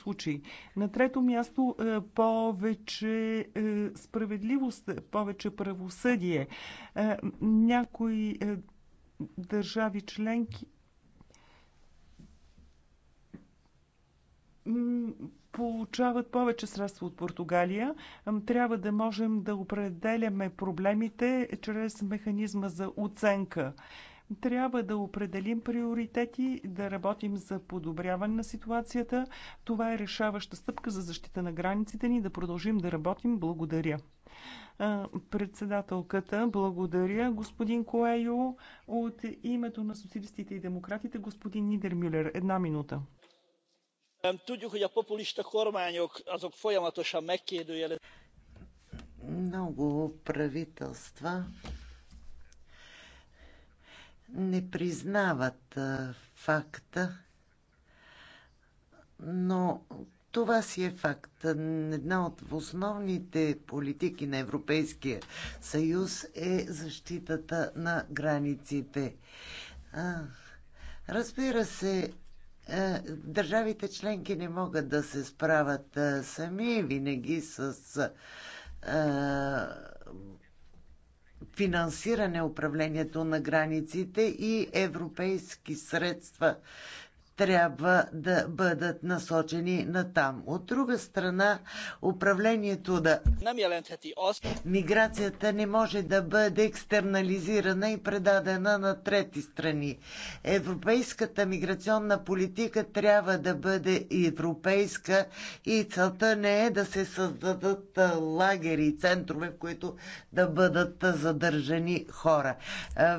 случаи. На трето място е, повече е, справедливост, повече правосъдие. Е, някои държави членки получават повече средства от Португалия. Трябва да можем да определяме проблемите чрез механизма за оценка. Трябва да определим приоритети, да работим за подобряване на ситуацията. Това е решаваща стъпка за защита на границите ни, да продължим да работим. Благодаря. Председателката, благодаря господин Коейо. От името на социалистите и демократите, господин Нидермюлер, една минута. Много правителства не признават а, факта, но това си е факт. Една от основните политики на Европейския съюз е защитата на границите. А, разбира се, държавите членки не могат да се справят сами винаги с финансиране управлението на границите и европейски средства трябва да бъдат насочени на там. От друга страна, управлението да... Миграцията не може да бъде екстернализирана и предадена на трети страни. Европейската миграционна политика трябва да бъде европейска и целта не е да се създадат лагери и центрове, в които да бъдат задържани хора.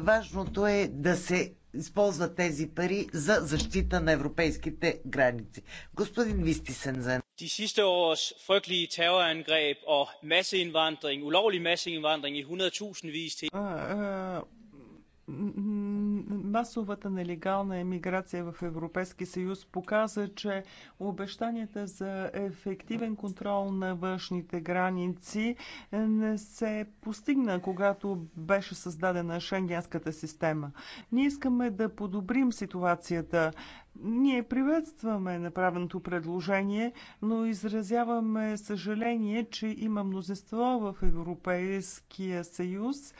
Важното е да се използва тези пари за защита на европейските граници. Господин Вистисен за De sidste års frygtelige terrorangreb og masseindvandring, ulovlig masseindvandring i 100.000 vis til... Масовата нелегална емиграция в Европейски съюз показа, че обещанията за ефективен контрол на външните граници не се постигна, когато беше създадена шенгенската система. Ние искаме да подобрим ситуацията. Ние приветстваме направеното предложение, но изразяваме съжаление, че има мнозинство в Европейския съюз,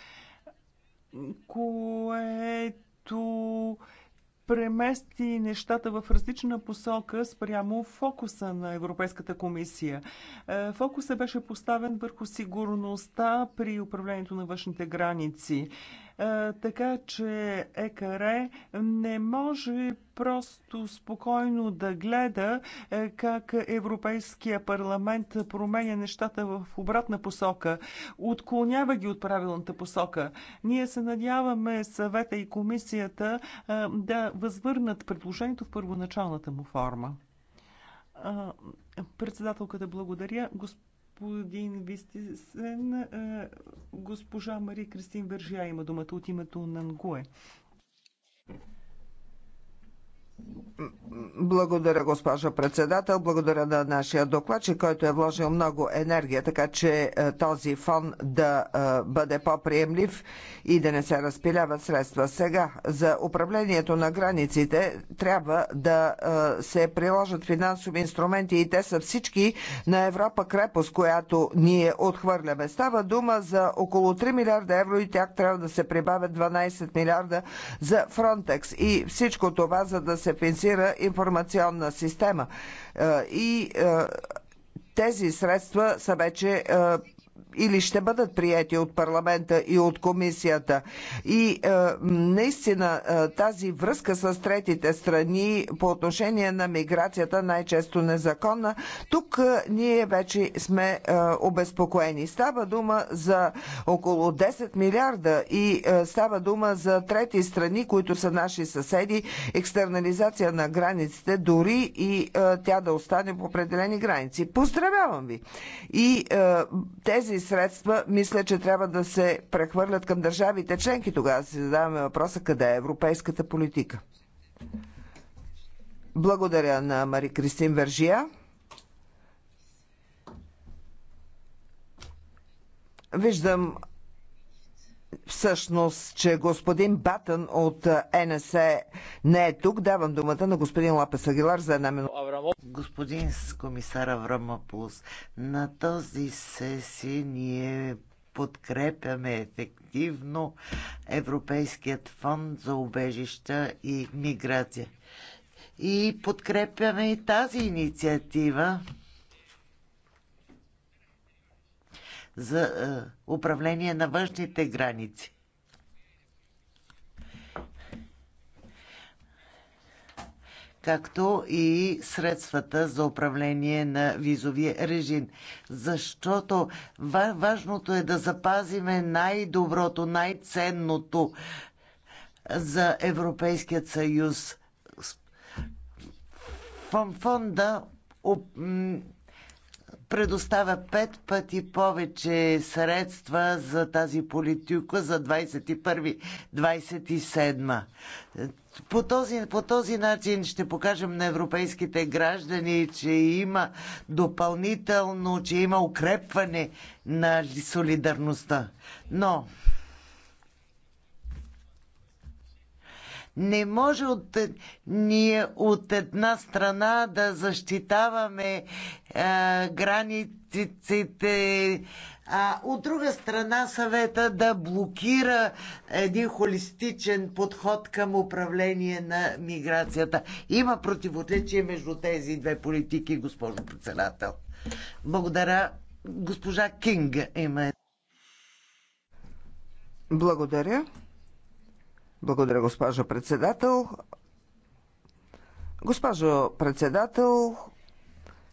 което който премести нещата в различна посока спрямо фокуса на Европейската комисия. Е, фокусът беше поставен върху сигурността при управлението на външните граници. Е, така че Екаре не може просто спокойно да гледа е, как Европейския парламент променя нещата в обратна посока, отклонява ги от правилната посока. Ние се надяваме съвета и комисията е, да възвърнат предложението в първоначалната му форма. Председателката благодаря. Госп господин Вистисен. Госпожа Мари Кристин Вържия има думата от името на Нгуе. Благодаря, госпожа председател. Благодаря на нашия докладчик, който е вложил много енергия, така че е, този фон да е, бъде по-приемлив и да не се разпиляват средства. Сега, за управлението на границите трябва да е, се приложат финансови инструменти и те са всички на Европа крепост, която ние отхвърляме. Става дума за около 3 милиарда евро и тях трябва да се прибавят 12 милиарда за Фронтекс. И всичко това, за да се се пенсира информационна система. Е, и е, тези средства са вече е, или ще бъдат прияти от парламента и от комисията. И е, наистина е, тази връзка с третите страни по отношение на миграцията, най-често незаконна, тук е, ние вече сме е, обезпокоени. Става дума за около 10 милиарда и е, става дума за трети страни, които са наши съседи, екстернализация на границите, дори и е, тя да остане по определени граници. Поздравявам ви! И е, тези средства мисля, че трябва да се прехвърлят към държавите членки. Тогава си задаваме въпроса къде е европейската политика. Благодаря на Мари Кристин Вержия. Виждам всъщност, че господин Батън от НС не е тук. Давам думата на господин Лапес Агилар за една минута. Господин комисар Аврамополос, на този сесия ние подкрепяме ефективно Европейският фонд за убежища и миграция. И подкрепяме и тази инициатива за е, управление на външните граници. както и средствата за управление на визовия режим. Защото важното е да запазиме най-доброто, най-ценното за Европейският съюз. Фонда предоставя пет пъти повече средства за тази политика за 21-27. По този, по този начин ще покажем на европейските граждани, че има допълнително, че има укрепване на солидарността. Но Не може от, ние от една страна да защитаваме а, е, границите, а от друга страна съвета да блокира един холистичен подход към управление на миграцията. Има противоречие между тези две политики, госпожо председател. Благодаря. Госпожа Кинг има. Благодаря. Благодаря, госпожо председател. Госпожо председател,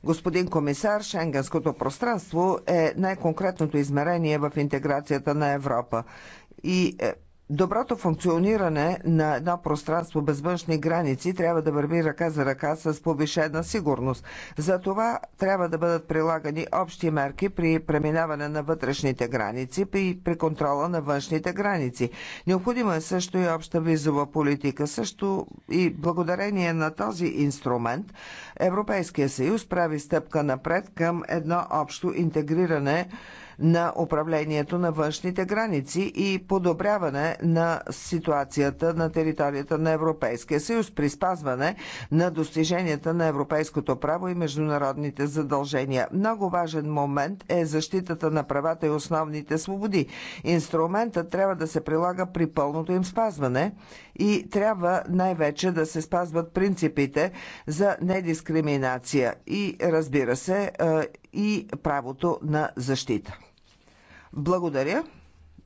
Господин комисар, Шенгенското пространство е най-конкретното измерение в интеграцията на Европа. И е, Доброто функциониране на едно пространство без външни граници трябва да върви ръка за ръка с повишена сигурност. За това трябва да бъдат прилагани общи мерки при преминаване на вътрешните граници и при, при контрола на външните граници. Необходима е също и обща визова политика. Също и благодарение на този инструмент Европейския съюз прави стъпка напред към едно общо интегриране на управлението на външните граници и подобряване на ситуацията на територията на Европейския съюз при спазване на достиженията на европейското право и международните задължения. Много важен момент е защитата на правата и основните свободи. Инструментът трябва да се прилага при пълното им спазване и трябва най-вече да се спазват принципите за недискриминация и разбира се и правото на защита. Благодаря,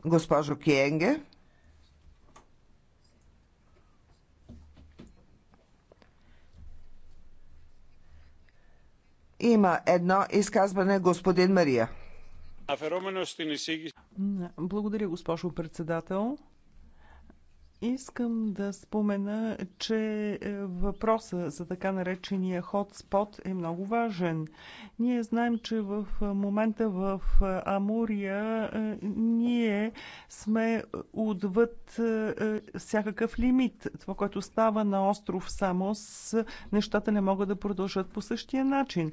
госпожо Киенге. Има едно изказване господин Мария. Благодаря, госпожо председател. Искам да спомена, че е, въпроса за така наречения хотспот е много важен. Ние знаем, че в момента в Амурия е, ние сме отвъд е, всякакъв лимит. Това, което става на остров Самос, нещата не могат да продължат по същия начин.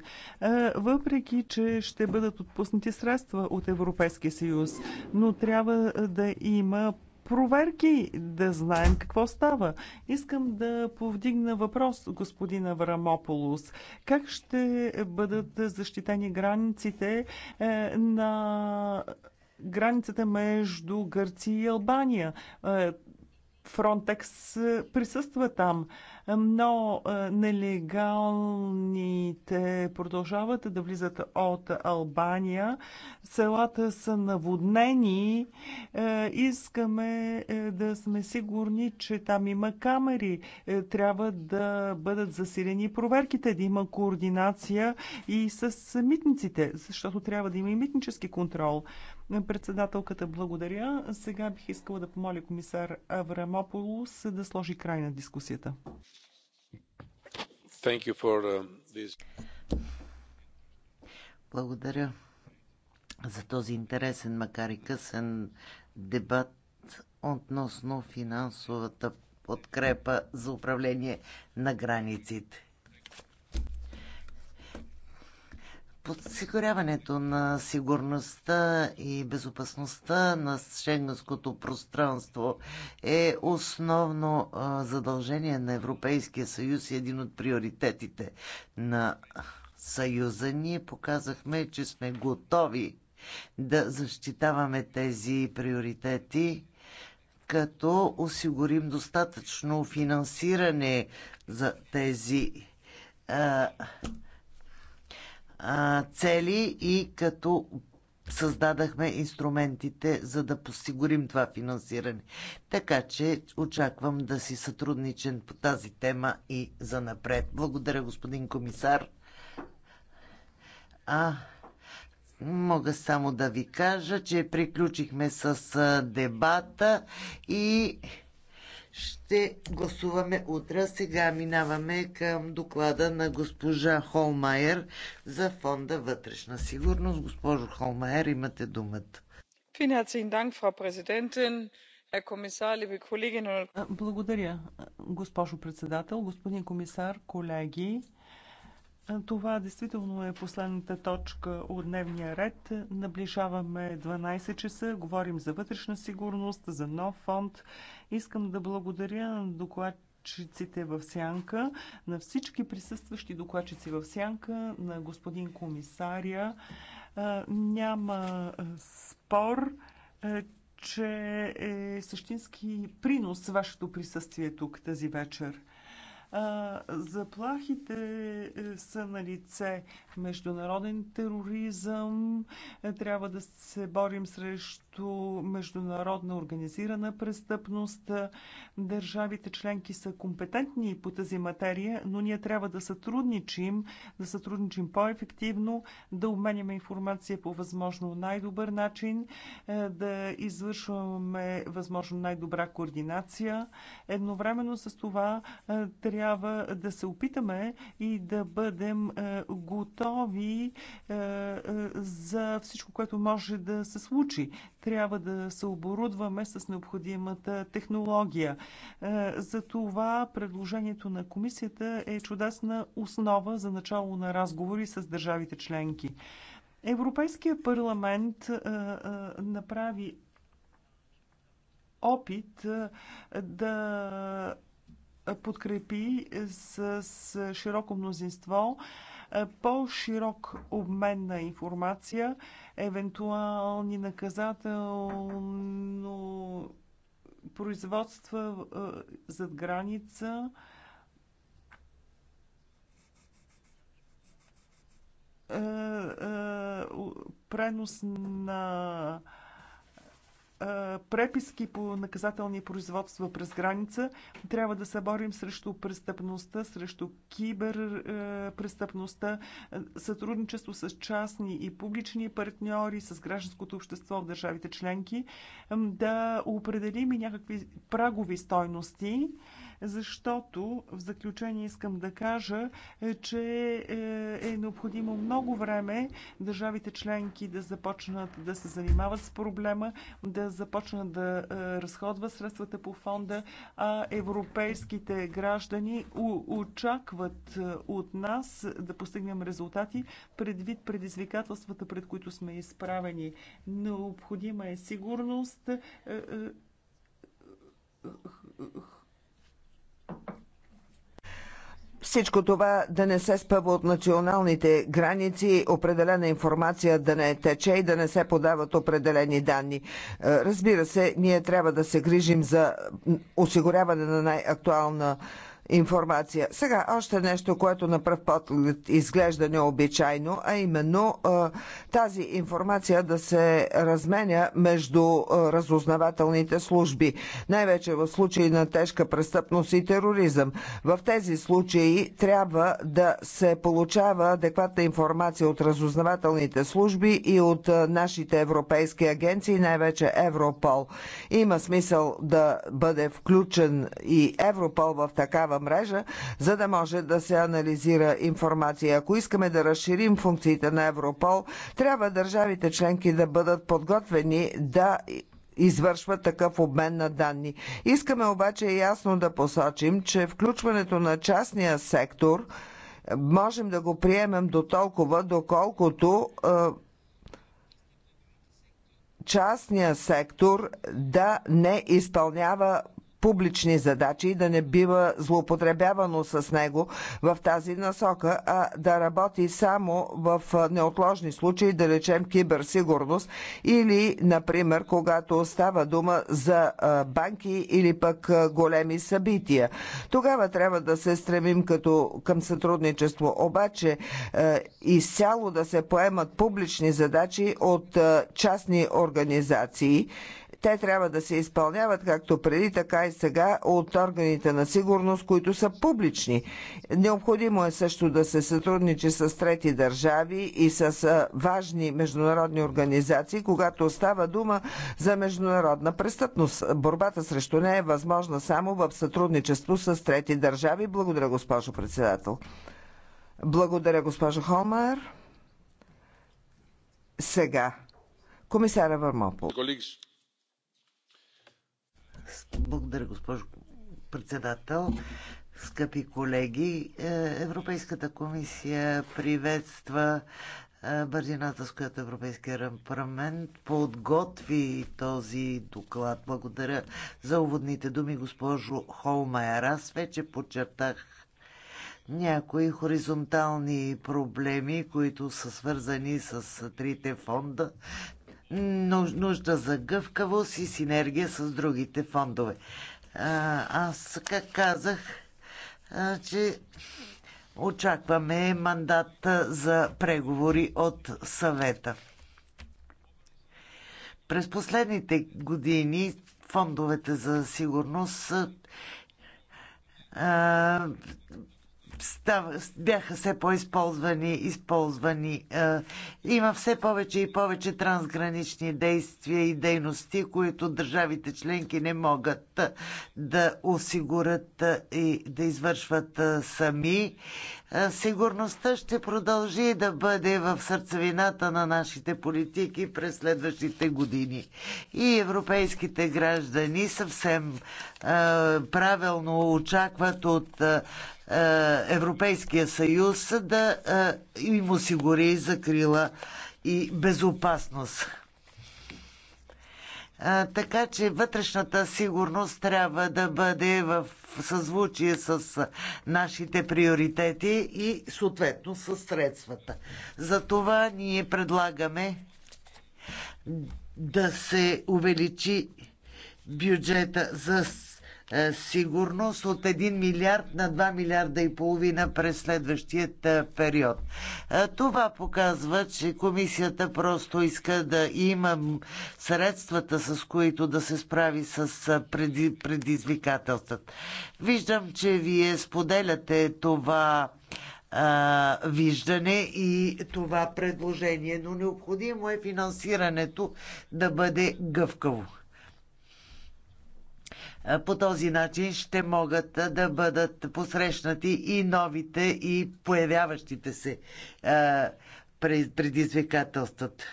Въпреки, че ще бъдат отпуснати средства от Европейския съюз, но трябва да има проверки, да знаем какво става. Искам да повдигна въпрос, господин Аврамополус. Как ще бъдат защитени границите е, на границата между Гърция и Албания. Е, Фронтекс е, присъства там, но е, нелегалните продължават да влизат от Албания. Селата са наводнени. Е, искаме да сме сигурни, че там има камери. Трябва да бъдат засилени проверките, да има координация и с митниците, защото трябва да има и митнически контрол. Председателката благодаря. Сега бих искала да помоля комисар Аврамополус да сложи край на дискусията. Uh, благодаря за този интересен, макар и късен дебат относно финансовата подкрепа за управление на границите. Подсигуряването на сигурността и безопасността на шенгенското пространство е основно задължение на Европейския съюз и един от приоритетите на съюза. Ние показахме, че сме готови да защитаваме тези приоритети като осигурим достатъчно финансиране за тези а, цели и като създадахме инструментите, за да посигурим това финансиране. Така че очаквам да си сътрудничен по тази тема и за напред. Благодаря, господин комисар. А, мога само да ви кажа, че приключихме с дебата и ще гласуваме утре. Сега минаваме към доклада на госпожа Холмайер за фонда вътрешна сигурност. Госпожо Холмайер, имате думата. Е Благодаря, госпожо председател, господин комисар, колеги. Това действително е последната точка от дневния ред. Наближаваме 12 часа. Говорим за вътрешна сигурност, за нов фонд. Искам да благодаря на докладчиците в Сянка, на всички присъстващи докладчици в Сянка, на господин комисаря. Няма спор, че е същински принос вашето присъствие тук тази вечер. Заплахите е, са на лице. Международен тероризъм, е, трябва да се борим срещу международна организирана престъпност. Държавите членки са компетентни по тази материя, но ние трябва да сътрудничим, да сътрудничим по-ефективно, да обменяме информация по възможно най-добър начин, е, да извършваме възможно най-добра координация. Едновременно с това трябва трябва да се опитаме и да бъдем е, готови е, е, за всичко, което може да се случи. Трябва да се оборудваме с необходимата технология. За това предложението на комисията е чудесна основа за начало на разговори с държавите членки. Европейския парламент направи опит да подкрепи с, с широко мнозинство е, по-широк обмен на информация, евентуални наказателно производства е, зад граница. Е, пренос на преписки по наказателни производства през граница. Трябва да се борим срещу престъпността, срещу киберпрестъпността, сътрудничество с частни и публични партньори, с гражданското общество в държавите членки, да определим и някакви прагови стойности защото в заключение искам да кажа, е, че е, е необходимо много време държавите членки да започнат да се занимават с проблема, да започнат да е, разходват средствата по фонда, а европейските граждани очакват от нас да постигнем резултати предвид предизвикателствата, пред които сме изправени. Необходима е сигурност, Всичко това да не се спъва от националните граници, определена информация да не тече и да не се подават определени данни. Е, разбира се, ние трябва да се грижим за осигуряване на най-актуална информация. Сега още нещо, което на пръв път изглежда необичайно, а именно тази информация да се разменя между разузнавателните служби, най-вече в случаи на тежка престъпност и тероризъм. В тези случаи трябва да се получава адекватна информация от разузнавателните служби и от нашите европейски агенции, най-вече Европол. Има смисъл да бъде включен и Европол в такава мрежа, за да може да се анализира информация. Ако искаме да разширим функциите на Европол, трябва държавите членки да бъдат подготвени да извършва такъв обмен на данни. Искаме обаче ясно да посочим, че включването на частния сектор можем да го приемем до толкова, доколкото частния сектор да не изпълнява публични задачи и да не бива злоупотребявано с него в тази насока, а да работи само в неотложни случаи, да речем киберсигурност или, например, когато става дума за банки или пък големи събития. Тогава трябва да се стремим като към сътрудничество. Обаче изцяло да се поемат публични задачи от частни организации, те трябва да се изпълняват както преди, така и сега от органите на сигурност, които са публични. Необходимо е също да се сътрудничи с трети държави и с важни международни организации, когато става дума за международна престъпност. Борбата срещу нея е възможна само в сътрудничество с трети държави. Благодаря, госпожо председател. Благодаря, госпожо Холмар. Сега, комисара Върмопол. Благодаря, госпожо председател. Скъпи колеги, е, Европейската комисия приветства е, бързината, с която Европейския парламент подготви този доклад. Благодаря за уводните думи, госпожо Холмайер. Аз вече подчертах някои хоризонтални проблеми, които са свързани с трите фонда, нужда за гъвкавост и синергия с другите фондове. Аз, как казах, че очакваме мандат за преговори от съвета. През последните години фондовете за сигурност става, бяха все по-използвани, използвани. Е, има все повече и повече трансгранични действия и дейности, които държавите членки не могат е, да осигурят е, и да извършват сами. Сигурността ще продължи да бъде в сърцевината на нашите политики през следващите години. И европейските граждани съвсем правилно очакват от е, Европейския съюз да е, им осигури закрила и безопасност. Е, така че вътрешната сигурност трябва да бъде в съзвучие с нашите приоритети и съответно с средствата. За това ние предлагаме да се увеличи бюджета за е, сигурност от 1 милиард на 2 милиарда и половина през следващият е, период. Е, това показва, че комисията просто иска да има средствата, с които да се справи с предизвикателствата. Виждам, че вие споделяте това виждане и това предложение, но необходимо е финансирането да бъде гъвкаво. По този начин ще могат да бъдат посрещнати и новите, и появяващите се предизвикателствата.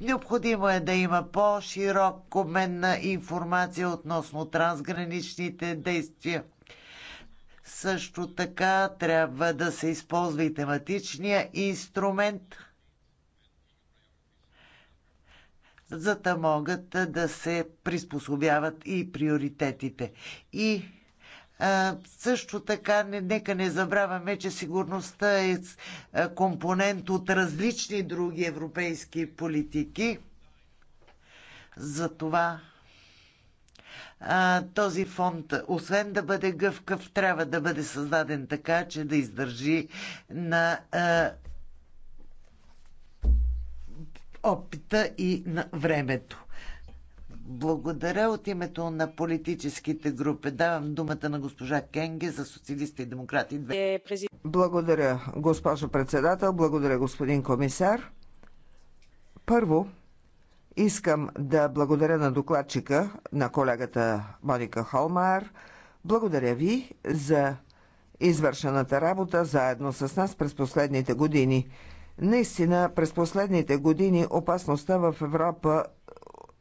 Необходимо е да има по-широк обмен на информация относно трансграничните действия. Също така трябва да се използва и тематичния инструмент – за да могат да се приспособяват и приоритетите. И също така, не, нека не забравяме, че сигурността е компонент от различни други европейски политики. Затова а, този фонд, освен да бъде гъвкав, трябва да бъде създаден така, че да издържи на а, опита и на времето. Благодаря от името на политическите групи. Давам думата на госпожа Кенге за социалисти и демократи. Е, благодаря, госпожо председател. Благодаря, господин комисар. Първо, искам да благодаря на докладчика, на колегата Моника Холмар. Благодаря ви за извършената работа заедно с нас през последните години. Наистина, през последните години опасността в Европа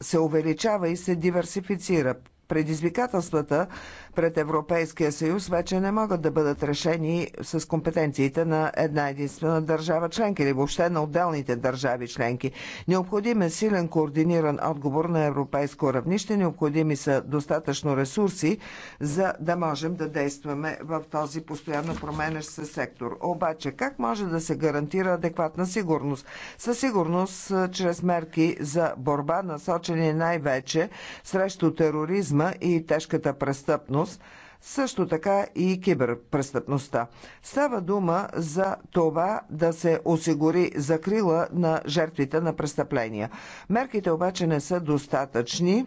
се увеличава и се диверсифицира. Предизвикателствата пред Европейския съюз вече не могат да бъдат решени с компетенциите на една единствена държава членка или въобще на отделните държави членки. Необходим е силен координиран отговор на европейско равнище, необходими са достатъчно ресурси, за да можем да действаме в този постоянно променящ се сектор. Обаче, как може да се гарантира адекватна сигурност? Със сигурност, чрез мерки за борба, насочени най-вече срещу тероризма и тежката престъпност, престъпност, също така и киберпрестъпността. Става дума за това да се осигури закрила на жертвите на престъпления. Мерките обаче не са достатъчни.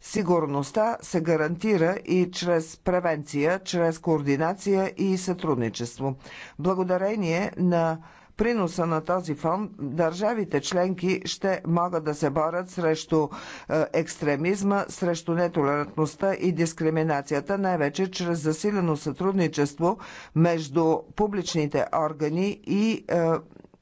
Сигурността се гарантира и чрез превенция, чрез координация и сътрудничество. Благодарение на приноса на този фонд държавите членки ще могат да се борят срещу е, екстремизма, срещу нетолерантността и дискриминацията, най-вече чрез засилено сътрудничество между публичните органи и е,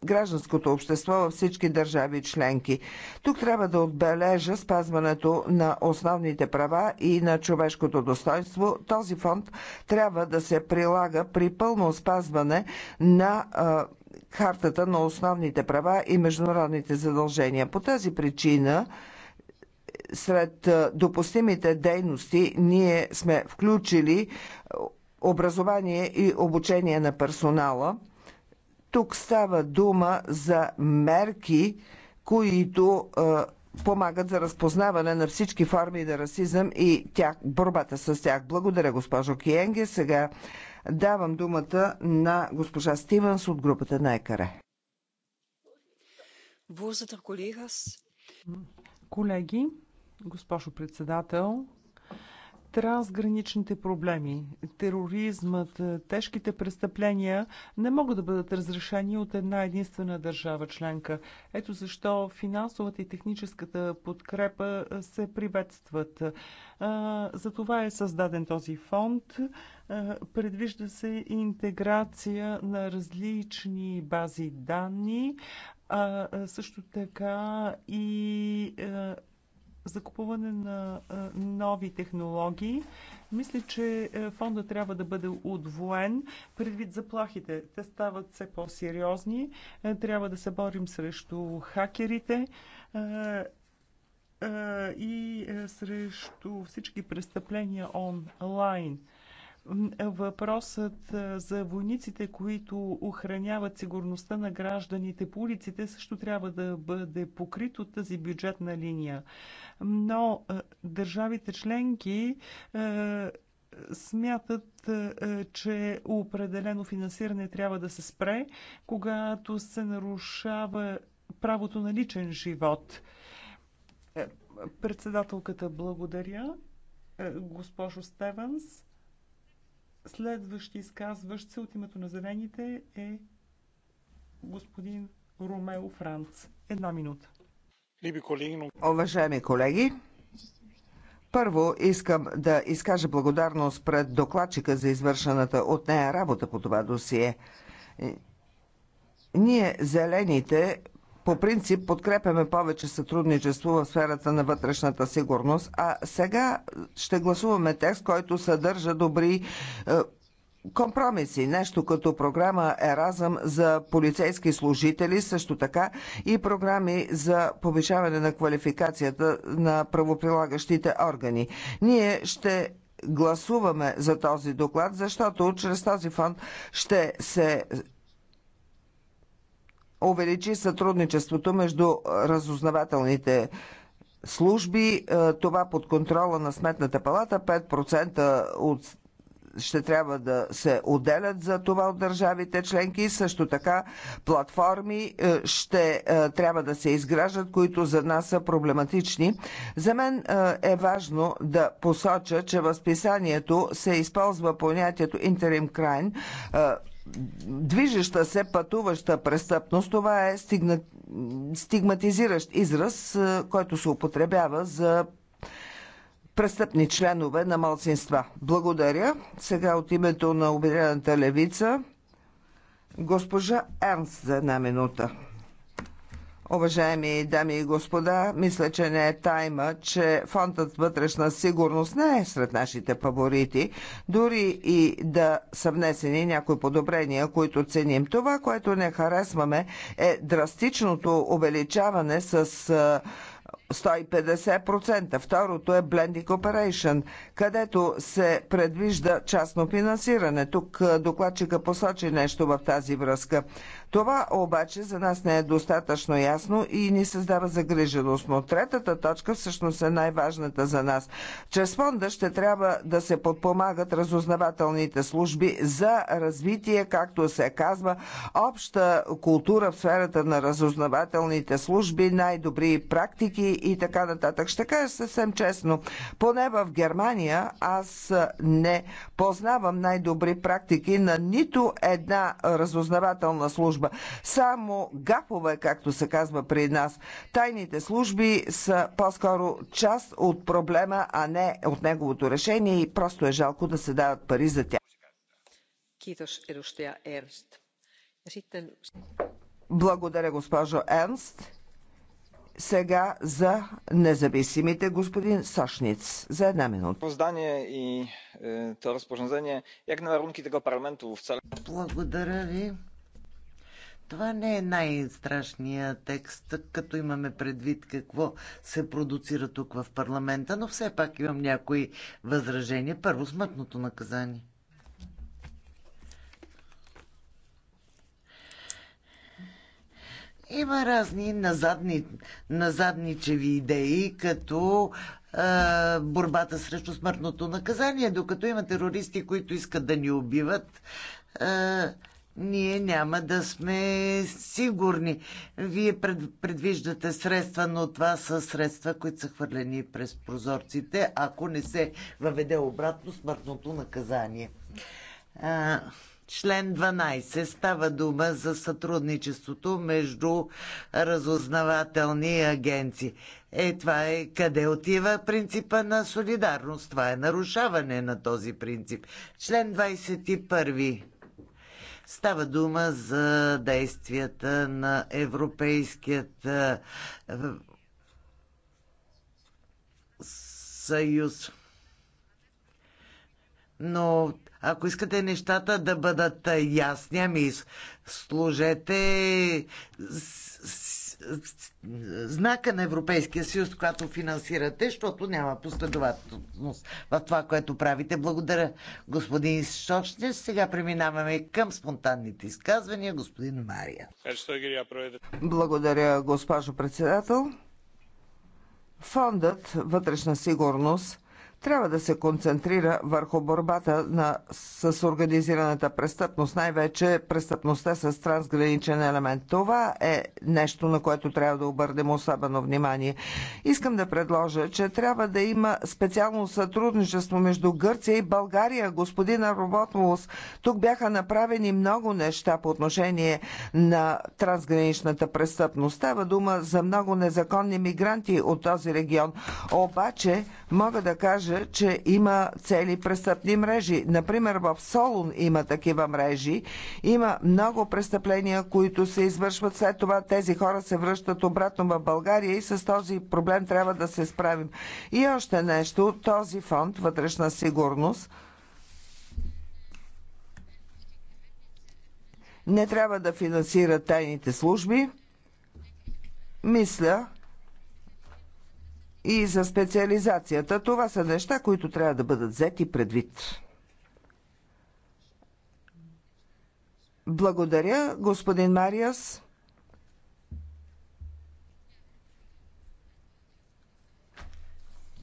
гражданското общество във всички държави членки. Тук трябва да отбележа спазването на основните права и на човешкото достоинство. Този фонд трябва да се прилага при пълно спазване на е, хартата на основните права и международните задължения. По тази причина сред допустимите дейности ние сме включили образование и обучение на персонала. Тук става дума за мерки, които помагат за разпознаване на всички форми на расизъм и тях, борбата с тях. Благодаря, госпожо Киенге. Сега Давам думата на госпожа Стивенс от групата на ЕКАРЕ. Колеги, госпожо председател, трансграничните проблеми, тероризмът, е, тежките престъпления не могат да бъдат разрешени от една единствена държава членка. Ето защо финансовата и техническата подкрепа е, се приветстват. Е, за това е създаден този фонд. Предвижда се интеграция на различни бази данни, а също така и закупуване на нови технологии. Мисля, че фонда трябва да бъде удвоен предвид заплахите. Те стават все по-сериозни. Трябва да се борим срещу хакерите и срещу всички престъпления онлайн. Въпросът за войниците, които охраняват сигурността на гражданите по улиците, също трябва да бъде покрит от тази бюджетна линия. Но държавите членки смятат, че определено финансиране трябва да се спре, когато се нарушава правото на личен живот. Е, председателката благодаря. Е, госпожо Стевенс. Следващ изказващ се от името на зелените е господин Ромео Франц. Една минута. Уважаеми колеги, първо искам да изкажа благодарност пред докладчика за извършената от нея работа по това досие. Ние, зелените, по принцип подкрепяме повече сътрудничество в сферата на вътрешната сигурност, а сега ще гласуваме текст, който съдържа добри е, компромиси, нещо като програма Еразъм за полицейски служители, също така и програми за повишаване на квалификацията на правоприлагащите органи. Ние ще гласуваме за този доклад, защото чрез този фонд ще се увеличи сътрудничеството между разузнавателните служби. Е, това под контрола на Сметната палата 5% от ще трябва да се отделят за това от държавите членки. Също така платформи е, ще е, трябва да се изграждат, които за нас са проблематични. За мен е важно да посоча, че възписанието се използва понятието interim crime, движеща се, пътуваща престъпност, това е стигна... стигматизиращ израз, е, който се употребява за престъпни членове на малцинства. Благодаря. Сега от името на Обединената левица госпожа Ернст за една минута. Уважаеми дами и господа, мисля, че не е тайма, че фондът вътрешна сигурност не е сред нашите фаворити, дори и да са внесени някои подобрения, които ценим. Това, което не харесваме е драстичното увеличаване с 150%. Второто е Blending Operation, където се предвижда частно финансиране. Тук докладчика посочи нещо в тази връзка. Това обаче за нас не е достатъчно ясно и ни създава загриженост. Но третата точка всъщност е най-важната за нас. Чрез фонда ще трябва да се подпомагат разузнавателните служби за развитие, както се казва, обща култура в сферата на разузнавателните служби, най-добри практики и така нататък. Ще кажа съвсем честно, поне в Германия аз не познавам най-добри практики на нито една разузнавателна служба служба. Само гапове, както се казва при нас. Тайните служби са по-скоро част от проблема, а не от неговото решение и просто е жалко да се дават пари за тях. Благодаря, госпожо Ернст. Сега за независимите господин Сошниц. За една минута. Здание и е, то разпореждане, як на рунките го парламенту в цяло. Благодаря ви. Това не е най-страшният текст, като имаме предвид какво се продуцира тук в парламента, но все пак имам някои възражения. Първо, смъртното наказание. Има разни назадни, назадничеви идеи, като е, борбата срещу смъртното наказание, докато има терористи, които искат да ни убиват. Е, ние няма да сме сигурни. Вие пред, предвиждате средства, но това са средства, които са хвърлени през прозорците, ако не се въведе обратно смъртното наказание. А, член 12 става дума за сътрудничеството между разузнавателни агенции. Е, това е къде отива принципа на солидарност. Това е нарушаване на този принцип. Член 21. Става дума за действията на Европейският е, съюз. Но ако искате нещата да бъдат ясни, ами служете знака на Европейския съюз, която финансирате, защото няма последователност в това, което правите. Благодаря, господин Шошнев. Сега преминаваме към спонтанните изказвания. Господин Мария. Благодаря, госпожо председател. Фондът Вътрешна сигурност – трябва да се концентрира върху борбата на, с организираната престъпност, най-вече престъпността с трансграничен елемент. Това е нещо, на което трябва да обърнем особено внимание. Искам да предложа, че трябва да има специално сътрудничество между Гърция и България. Господина Роботмус, тук бяха направени много неща по отношение на трансграничната престъпност. Става дума за много незаконни мигранти от този регион. Обаче, мога да кажа, кажа, че има цели престъпни мрежи. Например, в Солун има такива мрежи. Има много престъпления, които се извършват. След това тези хора се връщат обратно в България и с този проблем трябва да се справим. И още нещо, този фонд, вътрешна сигурност, не трябва да финансира тайните служби. Мисля, и за специализацията. Това са неща, които трябва да бъдат взети предвид. Благодаря, господин Мариас.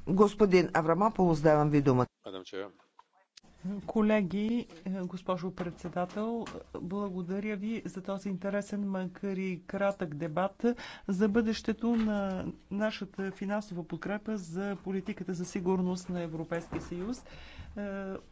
Господин Аврамопол, давам ви думата. Колеги, госпожо председател, благодаря ви за този интересен, макар и кратък дебат за бъдещето на нашата финансова подкрепа за политиката за сигурност на Европейския съюз. Е,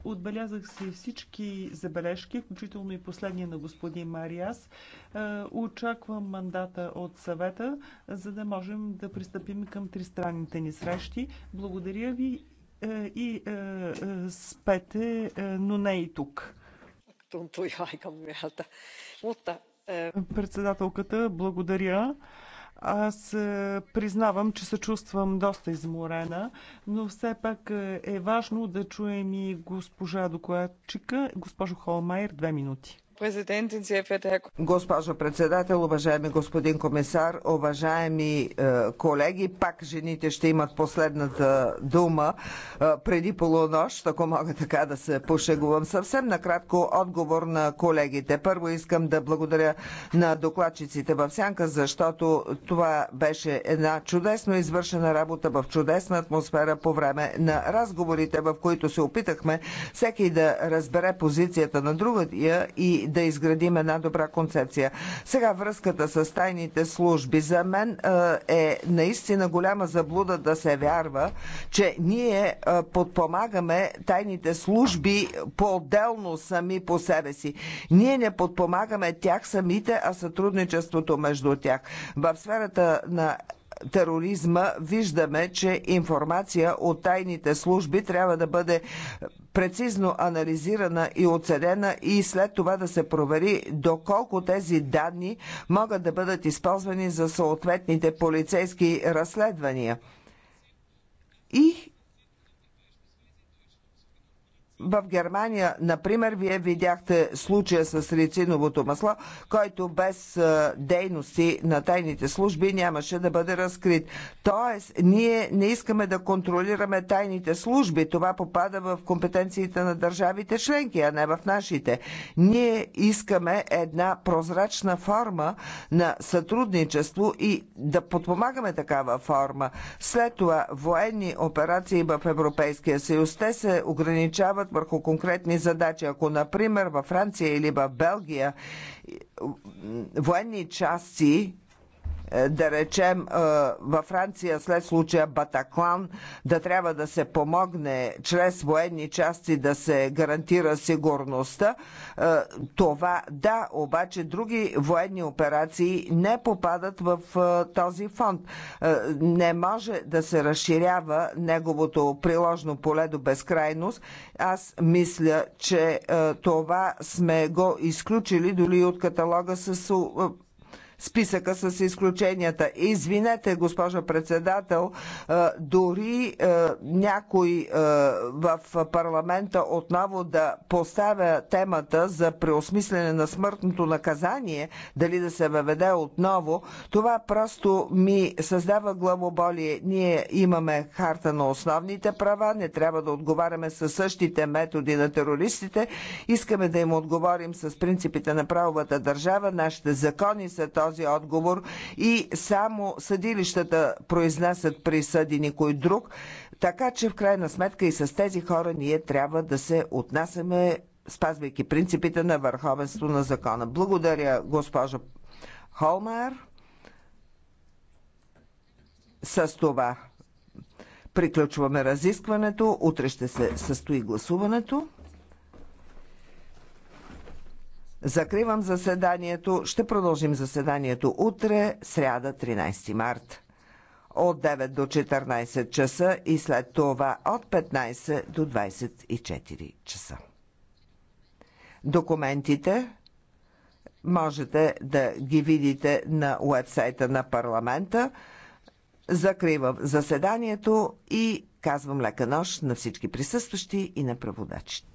отбелязах си всички забележки, включително и последния на господин Мариас. Е, очаквам мандата от съвета, за да можем да пристъпим към тристранните ни срещи. Благодаря ви е, и е, е, спете, но не и тук. Председателката, благодаря. Аз признавам, че се чувствам доста изморена, но все пак е важно да чуем и госпожа докладчика, госпожо Холмайер, две минути. Е Госпожо председател, уважаеми господин комисар, уважаеми е, колеги, пак жените ще имат последната дума е, преди полунощ, ако мога така да се пошегувам. Съвсем накратко отговор на колегите. Първо искам да благодаря на докладчиците в Сянка, защото това беше една чудесно извършена работа в чудесна атмосфера по време на разговорите, в които се опитахме всеки да разбере позицията на другия и да изградим една добра концепция. Сега връзката с тайните служби за мен е, е наистина голяма заблуда да се вярва, че ние е, подпомагаме тайните служби по-отделно сами по себе си. Ние не подпомагаме тях самите, а сътрудничеството между тях. В сферата на тероризма виждаме, че информация от тайните служби трябва да бъде прецизно анализирана и оценена и след това да се провери доколко тези данни могат да бъдат използвани за съответните полицейски разследвания. И в Германия, например, вие видяхте случая с рециновото масло, който без дейности на тайните служби нямаше да бъде разкрит. Тоест, ние не искаме да контролираме тайните служби. Това попада в компетенциите на държавите членки, а не в нашите. Ние искаме една прозрачна форма на сътрудничество и да подпомагаме такава форма. След това военни операции в Европейския съюз, те се ограничават решават върху конкретни задачи. Ако, например, във Франция или в Белгия военни части е, да речем, е, във Франция след случая Батаклан, да трябва да се помогне чрез военни части да се гарантира сигурността. Е, това да, обаче други военни операции не попадат в този фонд. Не може да се разширява неговото приложно поле до безкрайност. Аз мисля, че това сме го изключили дори от каталога с списъка с изключенията. Извинете, госпожа председател, дори някой в парламента отново да поставя темата за преосмислене на смъртното наказание, дали да се въведе отново, това просто ми създава главоболие. Ние имаме харта на основните права, не трябва да отговаряме със същите методи на терористите. Искаме да им отговорим с принципите на правовата държава. Нашите закони са този този отговор и само съдилищата произнасят присъди никой друг, така че в крайна сметка и с тези хора ние трябва да се отнасяме спазвайки принципите на върховенство на закона. Благодаря, госпожа Холмер. С това приключваме разискването. Утре ще се състои гласуването. Закривам заседанието. Ще продължим заседанието утре, сряда, 13 март. От 9 до 14 часа и след това от 15 до 24 часа. Документите можете да ги видите на уебсайта на парламента. Закривам заседанието и казвам лека нощ на всички присъстващи и на преводачите.